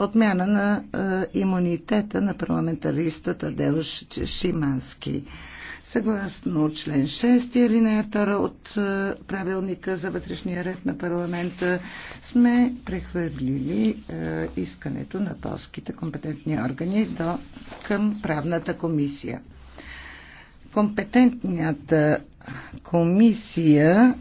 отмяна на имунитета на парламентаристата Делш Шимански. Съгласно член 6 или не от правилника за вътрешния ред на парламента сме прехвърлили искането на полските компетентни органи до, към правната комисия. Компетентната комисия